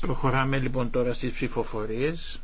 Προχωράμε λοιπόν τώρα στις ψηφοφορίες.